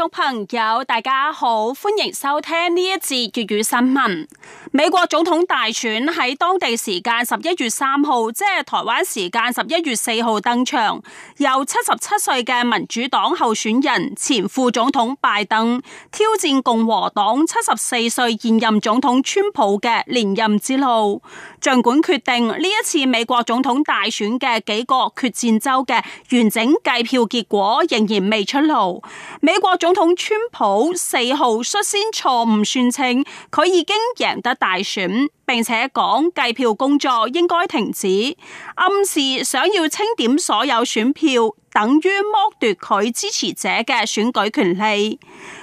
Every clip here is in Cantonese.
觀眾朋友，大家好，歡迎收聽呢一節粵語新聞。美國總統大選喺當地時間十一月三號，即係台灣時間十一月四號登場，由七十七歲嘅民主黨候選人前副總統拜登挑戰共和黨七十四歲現任總統川普嘅連任之路。盡管決定呢一次美國總統大選嘅幾個決戰州嘅完整計票結果仍然未出爐，美國總統川普四號率先錯誤宣稱佢已經贏得。大選，並且講計票工作應該停止，暗示想要清點所有選票，等於剝奪佢支持者嘅選舉權利。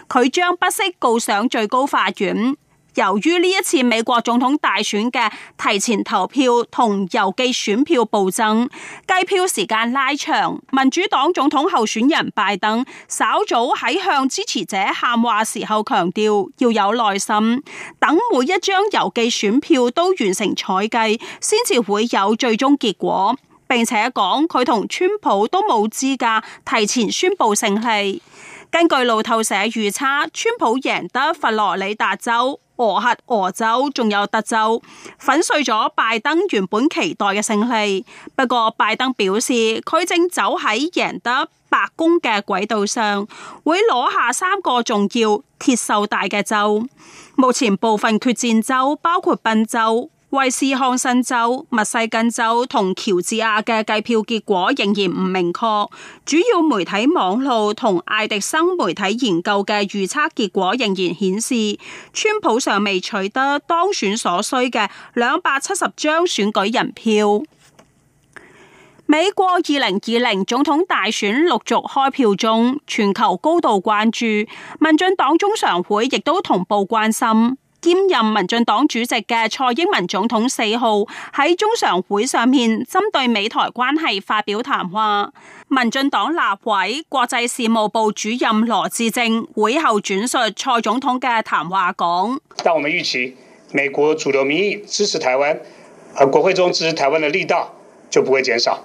佢將不惜告上最高法院。由於呢一次美國總統大選嘅提前投票同郵寄選票暴增，計票時間拉長，民主黨總統候選人拜登稍早喺向支持者喊話時候強調，要有耐心，等每一張郵寄選票都完成採計，先至會有最終結果，並且講佢同川普都冇資格提前宣布勝勢。根據路透社預測，川普贏得佛羅里達州、俄亥俄州，仲有德州，粉碎咗拜登原本期待嘅勝利。不過，拜登表示佢正走喺贏得白宮嘅軌道上，會攞下三個重要鐵鏽帶嘅州。目前部分決戰州包括賓州、維斯康辛州、密西根州同喬治亞嘅計票結果仍然唔明確，主要媒體網路同艾迪生媒體研究嘅預測結果仍然顯示，川普尚未取得當選所需嘅兩百七十張選舉人票。美國二零二零總統大選陸續開票中，全球高度關注，民進黨中常會亦都同步關心。兼任民進黨主席嘅蔡英文總統四號喺中常會上面針對美台關係發表談話。民進黨立委國際事務部主任羅致政會後轉述蔡總統嘅談話講：但我們預期美國主流民意支持台灣，而國會中支持台灣的力道就不會減少。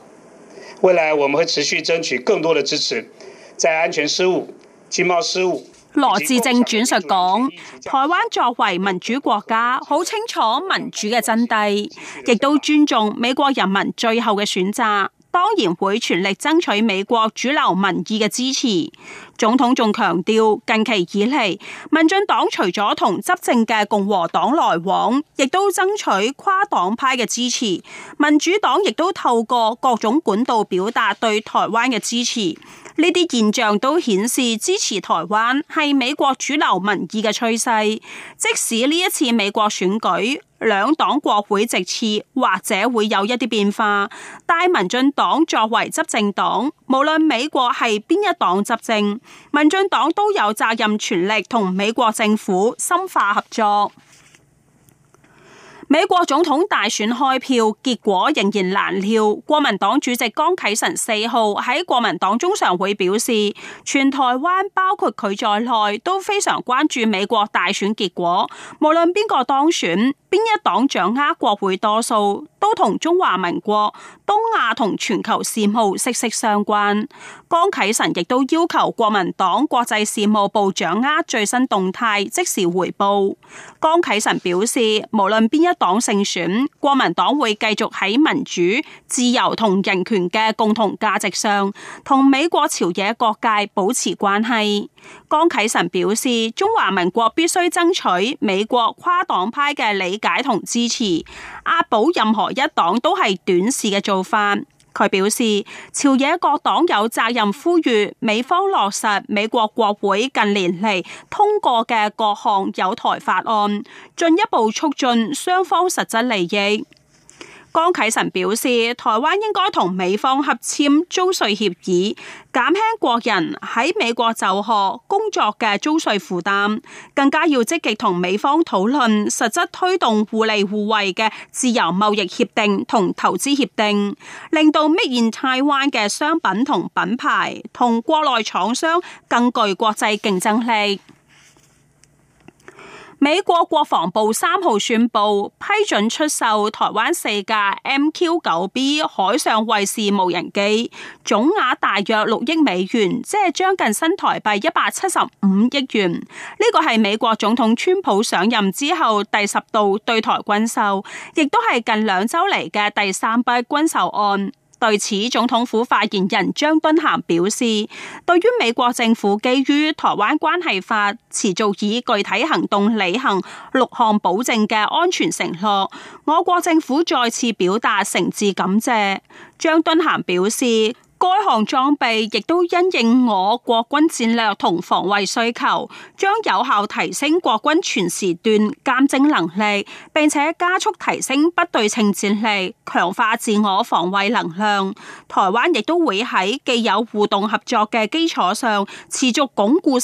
未來我們會持續爭取更多的支持，在安全事務、經貿事務。羅志正轉述講，台灣作為民主國家，好清楚民主嘅真諦，亦都尊重美國人民最後嘅選擇。當然會全力爭取美國主流民意嘅支持。總統仲強調，近期以嚟，民進黨除咗同執政嘅共和黨來往，亦都爭取跨黨派嘅支持。民主黨亦都透過各種管道表達對台灣嘅支持。呢啲現象都顯示支持台灣係美國主流民意嘅趨勢，即使呢一次美國選舉兩黨國會席次或者會有一啲變化，但民進黨作為執政黨，無論美國係邊一黨執政，民進黨都有責任全力同美國政府深化合作。美國總統大選開票結果仍然難料，國民黨主席江啟臣四號喺國民黨中常會表示，全台灣包括佢在內都非常關注美國大選結果，無論邊個當選，邊一黨掌握國會多數，都同中華民國、東亞同全球事務息息相關。江啟臣亦都要求國民黨國際事務部掌握最新動態，即時回報。江啟臣表示，無論邊一黨勝選，國民黨會繼續喺民主、自由同人權嘅共同價值上，同美國朝野各界保持關係。江啟臣表示，中華民國必須爭取美國跨黨派嘅理。解同支持阿保，任何一黨都係短視嘅做法。佢表示，朝野各黨有責任呼籲美方落實美國國會近年嚟通過嘅各項友台法案，進一步促進雙方實質利益。江啟臣表示，台灣應該同美方合簽租稅協議，減輕國人喺美國就學、工作嘅租稅負擔，更加要積極同美方討論實質推動互利互惠嘅自由貿易協定同投資協定，令到 Made in Taiwan 嘅商品同品牌同國內廠商更具國際競爭力。美國國防部三號宣布批准出售台灣四架 MQ-9B 海上衛士無人機，總額大約六億美元，即係將近新台幣一百七十五億元。呢個係美國總統川普上任之後第十度對台軍售，亦都係近兩周嚟嘅第三筆軍售案。對此，總統府發言人張惇涵表示，對於美國政府基於《臺灣關係法》持續以具體行動履行六項保證嘅安全承諾，我國政府再次表達誠摯感謝。張惇涵表示。該項裝備亦都因應我國軍戰略同防衛需求，將有效提升國軍全時段監偵能力，並且加速提升不對稱戰力，強化自我防衛能量。台灣亦都會喺既有互動合作嘅基礎上持續鞏固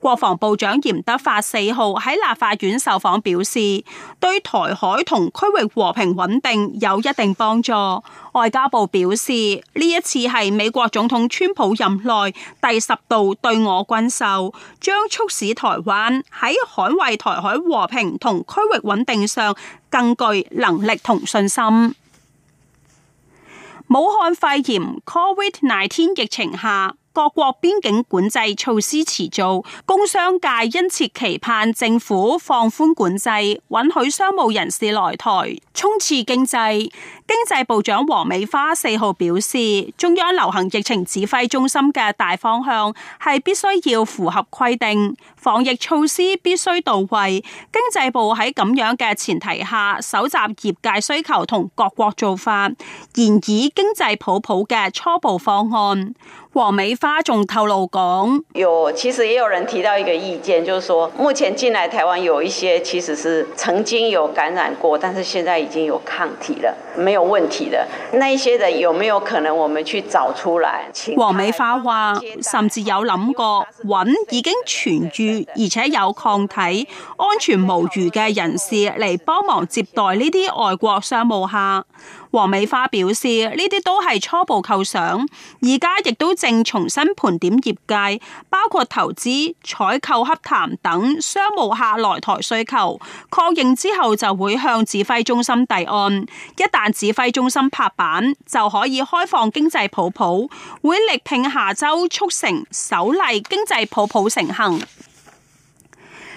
國防部長嚴德發四號喺立法院受訪表示，對台海同區域和平穩定有一定幫助。外交部表示，呢一次係美國總統川普任內第十度對我軍售，將促使台灣喺捍衛台海和平同區，區域穩定上更具能力同信心。武漢肺炎 （COVID-19） 疫情下，各國邊境管制措施持續，工商界殷切期盼政府放寬管制，允許商務人士來台沖刺經濟。經濟部長王美花四號表示，中央流行疫情指揮中心嘅大方向係必須要符合規定，防疫措施必須到位。經濟部喺咁樣嘅前提下，蒐集業界需求同各國做法，研擬經濟泡泡嘅初步方案。王美花仲透露講：有，其實也有人提到一個意見，就是說目前進來台灣有一些其實是曾經有感染過，但是現在已經有抗體了，沒有問題的。那一些人有沒有可能我們去找出來？王美花話甚至有諗過搵已經痊癒而且有抗體、安全無虞嘅人士嚟幫忙接待呢啲外國商務客。王美花表示呢啲都係初步構想，而家亦都。正重新盤點業界，包括投資、採購、洽談等商務下來台需求，確認之後就會向指揮中心遞案。一旦指揮中心拍板，就可以開放經濟泡泡，會力拼下周促成首例經濟泡泡成行。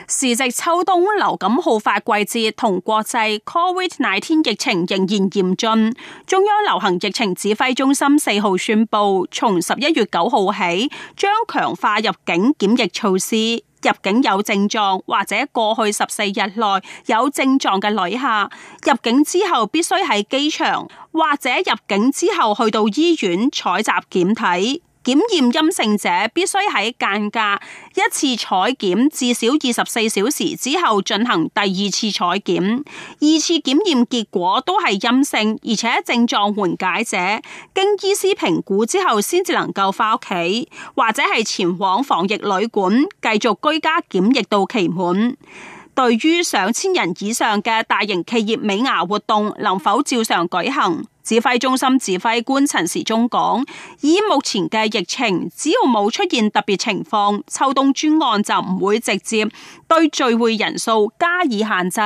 時值秋冬流感爆發季節，同國際 Covid 廿天疫情仍然嚴峻。中央流行疫情指揮中心四號宣布，從十一月九號起，將強化入境檢疫措施。入境有症狀或者過去十四日內有症狀嘅旅客，入境之後必須喺機場或者入境之後去到醫院採集檢體。檢驗陰性者必須喺間隔一次採檢至少二十四小時之後進行第二次採檢，二次檢驗結果都係陰性，而且症狀緩解者，經醫師評估之後先至能夠翻屋企，或者係前往防疫旅館繼續居家檢疫到期滿。對於上千人以上嘅大型企業美牙活動能否照常舉行？指揮中心指揮官陳時中講，以目前嘅疫情，只要冇出現特別情況，秋冬專案就唔會直接對聚會人數加以限制。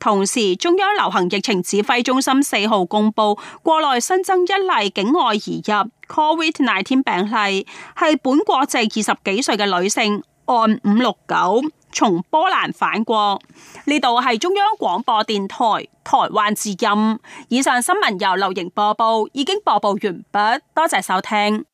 同時，中央流行疫情指揮中心四號公布，國內新增一例境外移入 COVID-19 病例，係本國籍二十幾歲嘅女性，案五六九。從波蘭返國，呢度係中央廣播電台台灣之音。以上新聞由流瑩播報，已經播報完畢，多謝收聽。